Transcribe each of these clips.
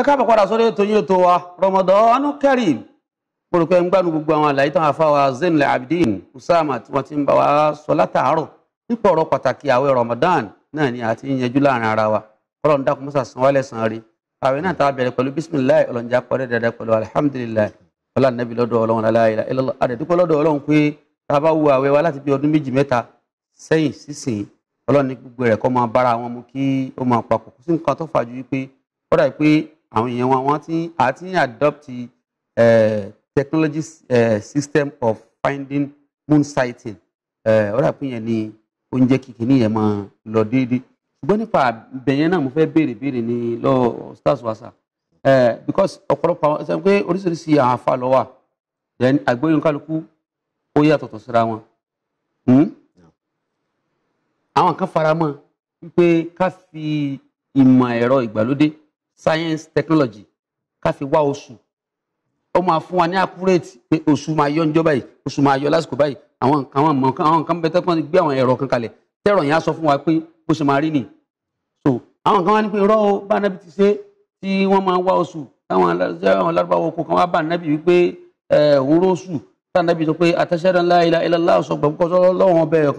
ẹ káàbọ̀ padà sórí ètò yín ètò wa Ramadan Kareem mo rò pé gbogbo àwọn àlàyé táwọn afáwa Zainul Abidin Usama tí wọ́n ti ń bá wa sọ látàárọ̀ nípa ọ̀rọ̀ pàtàkì àwẹ̀ Ramadan náà ni àti yanjú láàrin ara wa Ọlọ́run dákun mọ́sà san wálẹ̀ san rí àwẹ̀ náà táwa bẹ̀rẹ̀ pẹ̀lú bisimilayi ọlọ́njà pọ̀rẹ́ dada pẹ̀lú alihamudulilayi ọlá nàbí lọ́dọ̀ Ọlọ́run aláìlá àdẹ̀dúpọ̀ lọ́dọ̀ Ọlọ́run pé tábà wo àwẹ̀ wa láti bí ọdún méjì mẹ́ta sẹ́yìn sísìn Ọlọ́run ní gbogbo rẹ̀ kó máa bára wọn mu kí ó máa àwọn èèyàn wa wọn ti a adopt uh, technology uh, system of finding moon sighting eh, ó rà pé yẹn ni ó ń yẹn máa lọ déédéé ṣùgbọ́n nípa bẹ̀yẹn náà mo fẹ́ béèrè béèrè ní lọ́wọ́ stars wasa because ọ̀pọ̀lọpọ̀ àwọn ẹ̀sán pé oríṣiríṣi àwọn afa then àgbóyún kálukú ó yàtọ̀tọ̀ síra wọn hmm? àwọn kan wípé ká fi ìmọ̀ ẹ̀rọ ìgbàlódé science technology ká fi wá oṣù ó máa fún wa ní accurate pé oṣù máa yọ níjọba yìí oṣù máa yọ lásìkò báyìí àwọn nǹkan àwọn mọ̀ àwọn nǹkan bẹ́tẹ́ kan gbé àwọn ẹ̀rọ kan kalẹ̀ tẹ̀rọ yẹn á sọ fún wa pé bó ṣe máa rí nì so àwọn kan wá ní pé irọ́ o bá nábì ti ṣe tí wọ́n máa wá oṣù táwọn alárúbáwò oko kan wá bá nábì wípé òun ró oṣù tánábì tó pé àtẹ́sẹ́rẹ́ ńlá ilá ilá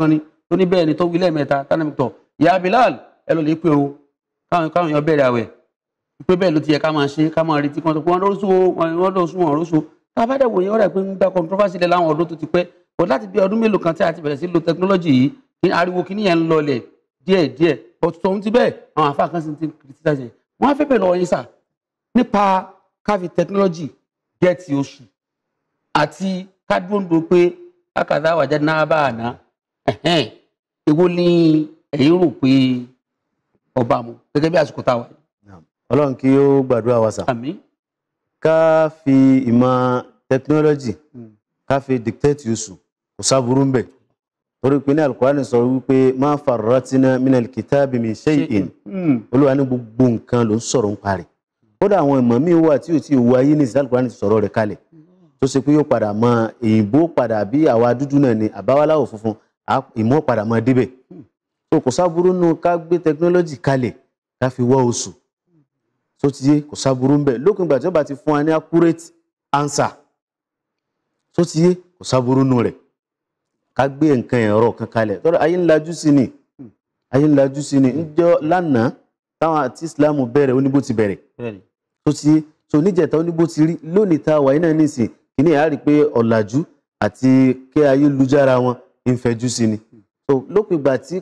ni tó ní bẹ́ẹ̀ ni tó Bilal ẹ lọ lè pèrò káwọn èèyàn pé bẹ́ẹ̀ ló ti yẹ ká máa ṣe ká máa retí kan tó pé wọ́n lọ́sùn wọ́n lọ́sùn wọ́n lọ́sùn tá a bá dẹ̀ wòye ọ̀rẹ́ pé ń gba controversy lẹ̀ láwọn ọdún tó ti pẹ́ kò láti bí ọdún mélòó kan tí a ti bẹ̀rẹ̀ sí lo technology yìí ní ariwo kìíní yẹn ń lọlẹ̀ díẹ̀ díẹ̀ but tòun ti bẹ́ẹ̀ àwọn àfa kan sì ti criticize yẹn wọ́n fẹ́ bẹ̀rẹ̀ lọ́wọ́ sà nípa káfí technology gẹ̀ẹ́tì oṣù àti kádùndùn pé akàtà àwàjá náà bá àná èwo ni ẹ̀yin rò pé ọba mu gẹ́gẹ́ bí àsìkò táwa yìí ọlọ́run kí ó gbàdúrà wa sà. àmín. ká fi ìmọ̀ tẹkinọ́lọ́jì hmm. ká fi dictate yusu kò sábúrú ń bẹ̀ torí pé ní alukurani sọ wípé má farratina minal kitabi min shay'in hmm. olúwa ní gbogbo nǹkan ló ń sọ̀rọ̀ ń parí kódà àwọn ìmọ̀ míì wà tí ò tí ì wo ayé ní ìsìlẹ̀ alukurani sọ̀rọ̀ rẹ̀ kalẹ̀ tó ṣe pé yóò padà mọ èyìnbó padà bí àwa dúdú náà ni àbáwáláwò funfun ìmọ̀ padà mọ débẹ̀ hmm. so kò sábúrú nù ká gbé tẹkinọ́lọ́jì kalẹ̀ ká fi wọ́ oṣù tó ti yé kò sáburú ń bẹ lókun ìgbà tí wọ́n bá ti fún wa ní accurate answer tó ti yé kò sáburú nù rẹ̀ ká gbé nǹkan ẹ̀rọ kan kalẹ̀ tọ́lá ayé ń lajú sí ni ayé ń lajú sí ni ńjọ́ lánàá táwọn àti Islam bẹ̀rẹ̀ oníbó ti bẹ̀rẹ̀ tó ti yé tó níjẹ̀ta oníbó ti rí lónìí tá a wà yín náà nísìn kìíní àá rí i pé ọ̀làjú àti kí ayélujára wọn ń fẹjú sí ni so lópin ìgbà tí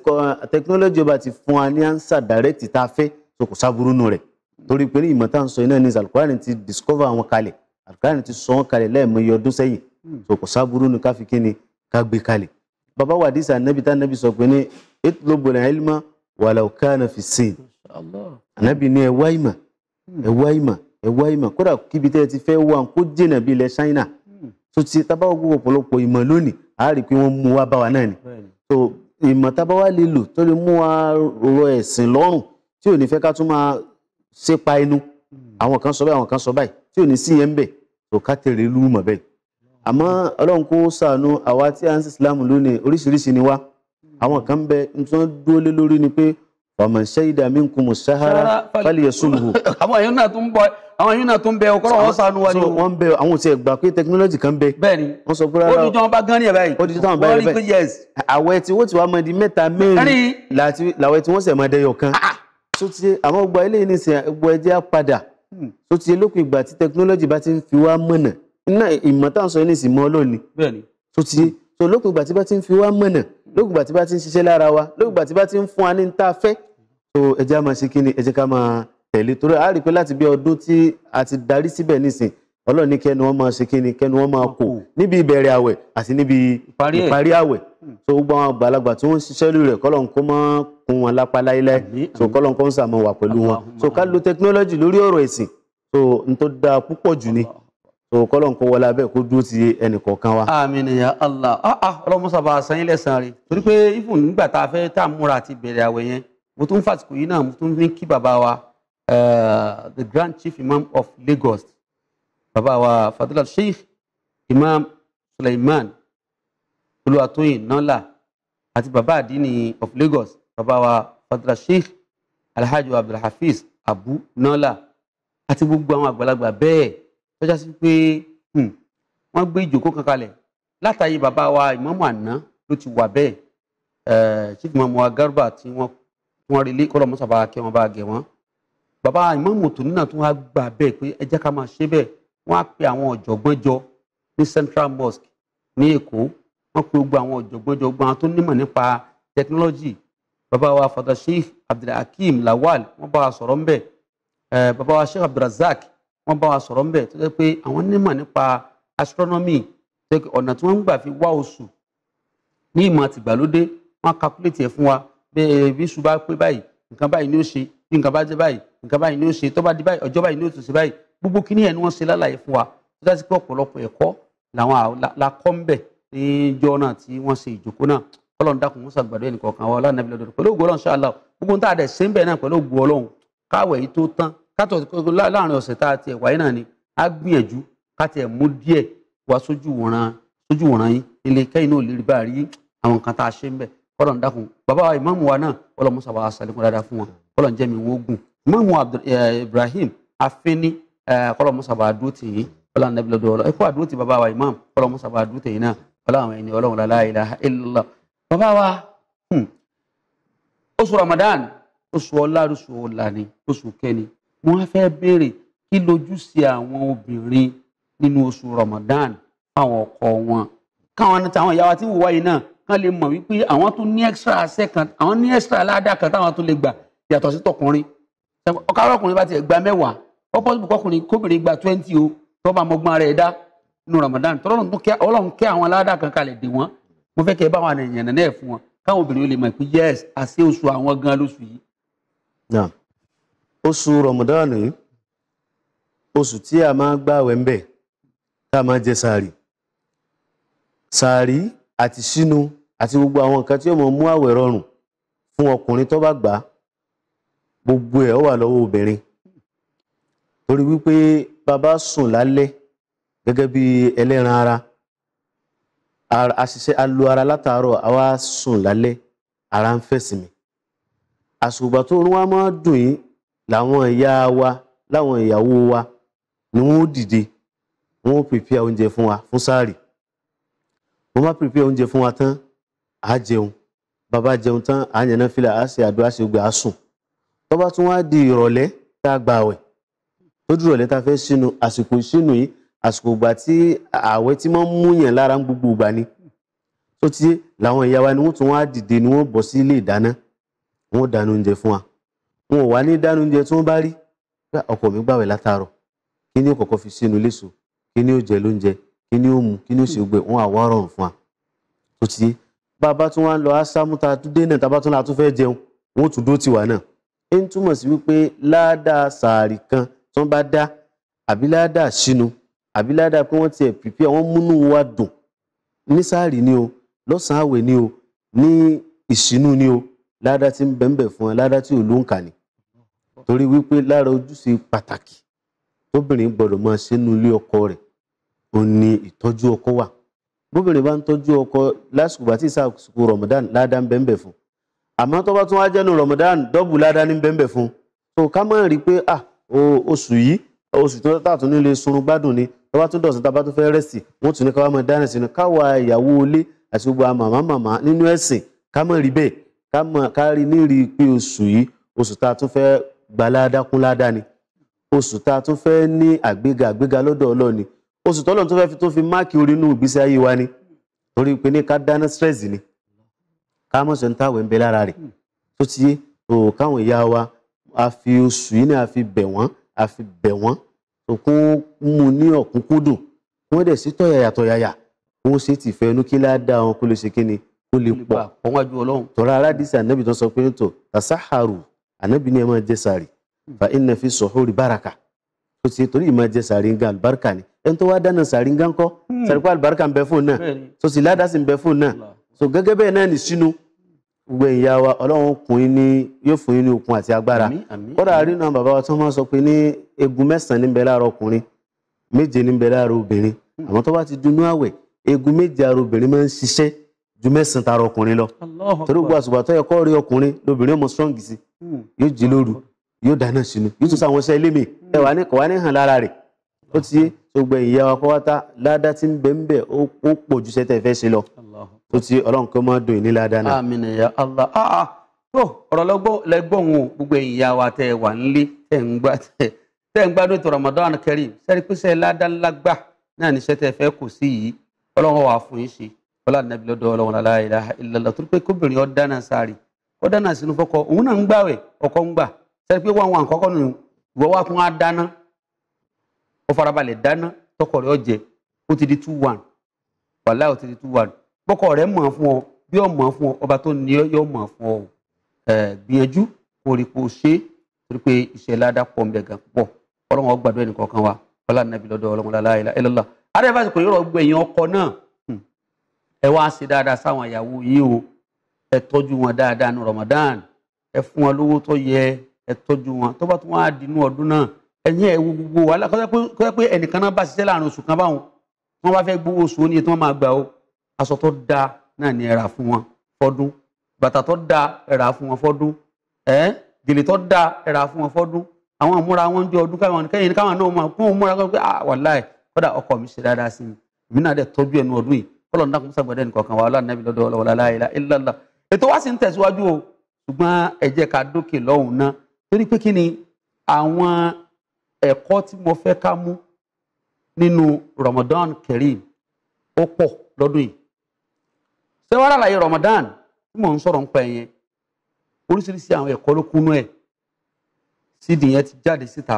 technology ọba ti fún wa ní answer direct tá a fẹ́ so kò sáburú nù rẹ̀ torí pé ní ìmọ̀ tá à ń sọ iná ní alukurani ti discover wọn kalẹ̀ alukurani ti sọ wọn kalẹ̀ lẹ́ẹ̀mọye ọdún sẹ́yìn hmm. so kò sábúrú ni ká fi kí ni ká gbé kalẹ̀ bàbá wa àdìsí ànábì tá ànábì sọ pé ní itlubul ilma walau kana fi sin ànábì ní ẹ wá ìmọ̀ ẹ wá ìmọ̀ ẹ wá ìmọ̀ kódà kíbi tẹ́ ẹ ti fẹ́ wá kó jìnà bí ilẹ̀ China hmm. tó ti tábà wọ́n gbogbo ọ̀pọ̀lọpọ̀ ìmọ̀ lónìí àá pé wọ́n mú wa bá wa náà ni so ìmọ̀ tábà wá lè lò tó lè mú wa rọ ẹ̀sìn lọ́rùn tí ò ní fẹ́ ká tún máa sépa inú hmm. àwọn kan sọ báyìí àwọn kan sọ báyìí tí ò ní sí yẹn ń bẹ̀ tó ká tèrè lú mọ̀ bẹ́ẹ̀ àmọ́ ọlọ́run kó sànú àwa tí à ń sí islam lónìí oríṣiríṣi ni wá hmm. àwọn kan bẹ tí wọ́n dúró lé lórí ni pé fàmọ̀ ṣẹ́yìdà mi ń kun mọ̀ sahara fàlìyẹ sùnmù. àwọn èèyàn náà tún bọ àwọn èèyàn náà tún bẹ ọkọlọ wọn sànú wa ni o. wọ́n bẹ àwọn tí ẹ gbà pé tẹkinọlọjì kan bẹ. bẹ́ẹ̀ni wọ́n sọ pé rárá o ó dijọ́ bá gán ní ẹ̀ báyìí. ó dijọ́ táwọn báyìí bẹ́ẹ̀ àwẹ̀ tí wọ́n ti wá mọ di mẹ́ta mẹ́rin làwẹ̀ tí wọ́n sẹ̀ máa dẹyọ̀ kan. Ah, ah tó ti àmọ́ gbọ́ eléyìí ní ìsìn gbọ́ ẹjẹ́ á padà tó hmm. ti lókun ìgbà tí tẹkinọ́lọ́jì bá ti ń fi wá mọ̀nà iná ìmọ̀ tá à ń sọ yìí ní ìsìn mọ́ ọlọ́ọ̀ni tó ti tó lókun ìgbà tí bá ti ń fi wá mọ̀nà lókun ìgbà tí bá ti ń ṣiṣẹ́ lára wa lókun ìgbà tí bá ti ń fún wa ní ta fẹ́ tó ẹjẹ́ á máa ṣe kí ni ẹjẹ́ ká máa tẹ̀lé torí a rí pé láti bí ọdún tí a ti darí síbẹ̀ nísìn ọlọ́ọ̀ni kẹ́nu wọn máa ṣe kí ni kẹ́nu wọn máa kò níbi ìbẹ̀rẹ̀ àwẹ̀ àti níbi ìparí àwẹ̀ Mm. so gbogbo àwọn àgbàlagbà tí wọ́n ń ṣiṣẹ́ lórí rẹ̀ kọ́lọ̀ kó mọ́ kún wọn lápá láíláí so kọ́lọ̀ kó ń sàmọ̀ wà pẹ̀lú wọn so ká lo technology lórí ọ̀rọ̀ ẹ̀sìn so n tó da púpọ̀ jù ni so kọ́lọ̀ kó wọlé abẹ́ kó dúró ti ẹnì kọ̀ọ̀kan wa. àmín ya Allah ah ah ọlọmọ sábà sanyín lẹsàn rẹ torí pé ifun nígbà tá a fẹ́ tá a múra àti bẹ̀rẹ̀ àwẹ̀ yẹn mo tún fàtìkù yìí náà mo tún ní kí bàbá wa eh, the grand chief imam of Lagos bàbá wa fadilat sheikh imam Suleiman olúwatóyìn nọ́là àti bàbá àdínì of Lagos bàbá wa fadra sheikh alhaji abdulhafiz abu nọ́là àti gbogbo àwọn àgbàlagbà bẹ́ẹ̀ tọ́já sí pé hmm, wọ́n gbé ìjókòó kan kalẹ̀ látàyè bàbá wa ìmáàmù àná ló ti wà bẹ́ẹ̀ chief eh, ìmáàmù wa garba tí wọ́n wọ́n relé kọ́lọ̀ mọ́sàbá kẹ́ wọn bá gẹ̀ wọ́n bàbá ìmáàmù tòun náà tún wá gbà bẹ́ẹ̀ pé ẹ jẹ́ ká máa ṣe bẹ́ẹ̀ wọ́n á pe àwọn ọ̀jọ̀gbọ́n jọ ní Central Mosque ní Èkó wọ́n pe gbogbo àwọn ọ̀jọ̀gbọ́n jọ̀gbọ́n àwọn tó nímọ̀ nípa technology bàbá wa fada sheikh abdulhakeem lawal wọ́n bá wa sọ̀rọ̀ ńbẹ̀ bàbá wa sheikh abdulrazak wọ́n bá wa sọ̀rọ̀ ńbẹ̀ tó jẹ́ pé àwọn nímọ̀ nípa astronomy ọ̀nà tí wọ́n ń gbà fi wá oṣù ní ìmọ̀ tìgbàlódé wọ́n calculate ẹ̀ fún wa bẹ́ẹ̀ bí ṣùgbọ́n pé báyìí nǹkan báyìí ni ó ṣe bí nǹkan bá jẹ́ báyìí nǹkan báyìí ni ó ṣe tó bá di báyìí ọjọ́ báyìí ni ó tún ṣe báyìí gbogbo kíní ẹ̀ ni wọ́n ṣe lálàyé fún wa tó dájú pé ọ̀pọ̀lọpọ̀ ẹ̀kọ́ làwọn la kọ́ ń bẹ̀ níjọ́ náà tí wọ́n ṣe ìjòkó náà ọlọ́run dákun musa gbàdúrà ẹnì kọ̀ọ̀kan wa ọlọ́run nàbílẹ̀ lọ́dọ̀ pẹ̀lú ògùn ọlọ́run ṣáàlà gbogbo tá a dẹ̀ ṣe ń bẹ̀ náà pẹ̀lú ògùn ọlọ́run káwẹ̀ yìí tó tán kátó láàrin ọ̀sẹ̀ tá a tiẹ̀ wáyé náà ni á gbìyànjú ká tiẹ̀ mú díẹ̀ wá sójú wòran sójú wòran yín ilé kẹ́yìn náà lè rí bá rí àwọn nǹkan tá a ṣe ń bẹ̀ ọlọ́run dákun bàbá wa ìmáàmù wa náà ọlọ́run musa wa asalikun dáadáa Ibrahim Afini ọlọ́run musa wa adúró tì yín ọlọ́run nàbílẹ̀ lọ́dọ̀ ọlọ́run ẹ̀kọ́ adúró tì bàbá wa ìmáàmù ọlọ́run ọlọ́run ẹni ọlọ́run la ilaha illallah bàbá wa hmm, oṣù Ramadan oṣù ọlá oṣù ọlá ni oṣù kẹni wọn fẹ́ béèrè kí lójúṣe àwọn obìnrin nínú oṣù Ramadan fáwọn ọkọ wọn káwọn táwọn ìyá wa ti wò wáyé náà kán lè mọ̀ wípé àwọn tún ní extra second, kan àwọn ní extra aládàá kan táwọn tún lè gbà yàtọ̀ sí tọkùnrin ọkọ arọkùnrin bá ti gba mẹ́wàá ó pọ́sibú kọkùnrin kóbìnrin gba twenty o tó bá mọgbọ́n rẹ̀ dá nínú Ramadan tọ́lọ́run tó kẹ́ ọlọ́run kẹ́ àwọn aládàá kan kalẹ̀ dè wọ́n mo fẹ́ kẹ́ bá àwọn èèyàn náà fún wọn káwọn obìnrin ó lè mọ̀ pé yes àṣé oṣù àwọn gan lóṣù yìí. oṣù Ramadan yìí oṣù tí a máa gbààwẹ̀ ń bẹ̀ tá a máa jẹ sàárì sàárì àti sínú àti gbogbo àwọn nǹkan tí ó mọ̀ mú àwẹ̀ rọrùn fún ọkùnrin tó bá gbà á gbogbo ẹ̀ ó wà lọ́wọ́ obìnrin torí wípé bàbá sùn lálẹ́ gẹ́gẹ́ bí ẹlẹ́ran ara a ṣiṣẹ́ a lo ara látàárọ̀ a wá sùn lálẹ́ ara ń fẹ́ sinmi àsùgbà tó ń wá máa dùn yín làwọn ìyá wa láwọn ìyàwó wa ni wọn ó dìde wọn ó pèpè oúnjẹ fún wa fún sáàrì wọn bá pèpè oúnjẹ fún wa tán á jẹun bàbá jẹun tán á yànnà fìlà á ṣe àdúrà ṣe gbà á sùn tó tún wá di ìrọ̀lẹ́ tá a gbà wẹ̀ tó dúró ìrọ̀lẹ́ tá a fẹ́ sínú àsìkò ìsínú yìí àsìkò ìgbà tí ààwẹ̀ tí máa ń mú yàn lára gbogbo ìgbà ni tó ti làwọn ìyá wa ni wọ́n tún wá dìde ni wọ́n bọ̀ sí ilé ìdáná wọ́n dáná oúnjẹ fún wa wọn ò wá ní dáná oúnjẹ tí wọ́n bá rí ọkọ mi gbàwẹ̀ látàárọ̀ kí ni ó fi sínú léṣo kí ni ó lóúnjẹ kí ni ó mu kí ni ó ṣe gbẹ wọn àwa rọrùn fún wa tó ti bá a bá tún wá lọ ásámúta tó dé náà tá a bá tún lọ àtúnfẹ́ jẹun wọn ò tún dó tiwa náà ń túmọ̀ sí wípé ládàá sàárì kan tí wọ́n bá dá àbí ládàá sínú àbí ládàá pé wọ́n tiẹ̀ prepare wọ́n múnú wa dùn ní sáàrì ni o lọ́sàn-án àwẹ̀ ni o ní ìṣínú ni o ládàá tí ń bẹ̀ǹbẹ̀ fún ẹ ládàá tí ò ló ń kà ní. torí wípé lára ojúṣe pàtàkì tóbìnrin gbọdọ̀ máa ṣe nínú ilé ọkọ rẹ̀ ò ní ìtọ́jú ọkọ wà bóbìnrin bá ń tọ́jú ọkọ lásìkò bàtí ìsàkóso Ramadan ládàá ń bẹ̀ǹbẹ̀ fún àmọ́ tó bá tún wá jẹ́nu Ramadan dọ́bù ládàá ní bẹ̀ǹbẹ̀ fún tó ká má rí pé ah oṣù yìí oṣù tó tààtún nílé sunrun gbádùn ni tó bá tún dọ̀sán tá a bá tún fẹ́ rẹ́sì wọ́n tún ní ká máa dáná sínú káwa ìyàwó ilé àti gbogbo àwọn màmá nínú ẹ̀sìn ká mọ̀ rí bẹ́ẹ̀ ká mọ̀ ká rí nírí pé oṣù yìí oṣù tá a tún fẹ́ gbalada kúnlada ni oṣù tá a tún fẹ́ ní àgbéga àgbéga lọ́dọ̀ ọlọ́ọ̀ni oṣù tọ́lọ̀ tó fẹ́ fi tó fi máàkì orí inú ìgbésí ayé wa ni torí pé ní ká dáná stress ni ká mọ̀ sọ ní táwọn ń bẹ lára rẹ̀ tó ti yé o káwọn ìyá wa a fi oṣù yìí ni a fi bẹ̀ kún mú ní ọ̀kúnkúndùn kún dẹ̀ sí tọ̀yàyà tọ̀yàyà kó ṣe ti fẹ́ inú kí ládàá wọn kó lè ṣe kíni kó lè pọ̀ tọ́ra aládìsí ànábì tó sọ pé ń tò tasaharu ànábì ni ẹ máa jẹ sààrì fa inna fi suhuri baraka kò sí torí ìmọ̀ jẹ sààrì ń ga ni ẹni tó wá dáná sààrì ń ga ńkọ́ hmm. sààrì kó àlùbáríkà ń bẹ fún náà sòsì ládàá sì ń bẹ fún náà so gẹ́gẹ́ bẹ́ẹ̀ náà ní sínú gbogbo ìyá wa ọlọ́run kùn yín ní yóò fún yín ní okun àti agbára kódà rínú àwọn bàbá wa tí wọ́n máa sọ pé ní egun mẹ́sàn-án ní ń bẹ lára ọkùnrin méje ní ń bẹ lára obìnrin hmm. àmọ́ tó bá ti dunú àwẹ̀ egun méje ara obìnrin máa ń ṣiṣẹ́ ju mẹ́sàn-án tara ọkùnrin lọ torí gbogbo àsùbà tó yẹ kó rí ọkùnrin lóbìnrin ọmọ strong sí hmm. yóò jí lóru yóò dáná sínú yóò tún sáwọn iṣẹ́ ilé mi hmm ó ti ọlọ́run kó máa dùn ìnílá dáná. àmín ya Allah ah, ah. tó ọ̀rọ̀ lẹ́gbọ̀n o gbogbo ẹ̀yin ìyá wa tẹ́ ẹ wà nílé tẹ́ ń gbá tẹ́ ń gbádùn ètò Ramadan Kareem sẹ́ni pé sẹ́ ládánlá gbà náà níṣẹ́ tẹ́ fẹ́ kù sí yìí ọlọ́run wà fún yín ṣe ọlá nàbí lọ́dọ̀ ọlọ́run la ilaha illallah tó pé kóbìnrin ó dáná sáré ó dáná sínú fọ́kọ òun náà ń gbàwẹ̀ ọkọ ń gbà sẹ́ni pé wọ́n àwọn àkọ́kọ́ nù ìwọ wá tún á dáná ó farabalẹ̀ dáná tọkọ rẹ̀ ó jẹ ó ti di two one wàláhì ó ti di two one bọ́kọ rẹ̀ mọ̀ fún ọ bí ọ mọ̀ fún ọ ọba tó ní yọ mọ̀ fún ọ gbìyànjú kó rí kó ṣe torí pé iṣẹ́ ládà pọ̀ ń bẹ̀ gan púpọ̀ ọlọ́run ó gbàdúrà ẹnìkan kan wa ọlá nàbí lọ́dọ̀ ọlọ́run lálá ilá ilá ààrẹ fásitì kò ní rọ̀ gbọ́ ẹ̀yin ọkọ náà hmm, ẹ wá ṣe dáadáa sáwọn ìyàwó yín o ẹ tọ́jú wọn dáadáa ní Ramadan ẹ fún wọn lówó tó yẹ ẹ tọ́jú wọn tó bá tún wọn á dínú ọdún náà ẹ̀yin ẹ wo gbogbo wàhálà kọ́sẹ́ pé ẹnìkan náà bá ṣiṣẹ́ láàrin oṣù kan báwọn wọn bá fẹ́ gbowó oṣù ó ní ètò wọn máa gbà o aṣọ tó dáa náà ni ẹ rà fún wọn fọdún bàtà tó dáa ẹ rà fún wọn fọdún ẹ gèlè tó dáa ẹ rà fún wọn fọdún àwọn ìmúra wọn jẹ ọdún káwọn kẹyìn káwọn náà máa kún múra káwọn pé ah wàláì kódà ọkọ mi ṣe dáadáa sí mi èmi náà dẹ̀ tọ́jú ẹnu ọdún yìí kọlọ ndakùn sàgbẹdẹ nìkọkan wàhálà nàbí lọ́dọ̀ ọlọwọlá láìla ìlàlá ètò wa sì ń tẹ̀síwájú o ṣùgbọ́n ẹ jẹ́ ká dókè lọ́hùn náà torí pé kí ni àwọn ẹ̀kọ́ tí mo fẹ́ ká mú nínú Ramadan Kareem ó pọ̀ lọ́dún yìí sẹ́wárà láyé Ramadan tí mò ń sọ̀rọ̀ ń pa ẹ̀yẹn oríṣiríṣi àwọn ẹ̀kọ́ ló kúnú ẹ̀ sídìí yẹn ti jáde síta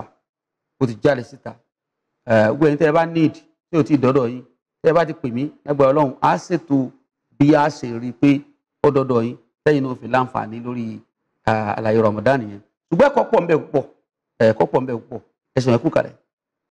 ó ti jáde síta gbogbo ẹ̀yin tẹ́ ẹ bá need tí ò ti dọ́dọ̀ yín tẹ́ ẹ bá ti pè mí ẹgbẹ́ ọlọ́run á ṣètò bí a ṣe rí i pé ó dọ́dọ̀ yín tẹ́yìn náà fi láǹfààní lórí àlàyé Ramadan yẹn ṣùgbọ́n ẹ̀kọ́ pọ̀ ń bẹ púpọ̀ ẹ̀kọ́ pọ̀ ń bẹ púpọ̀ ẹ̀sìn ẹ̀kú kalẹ̀.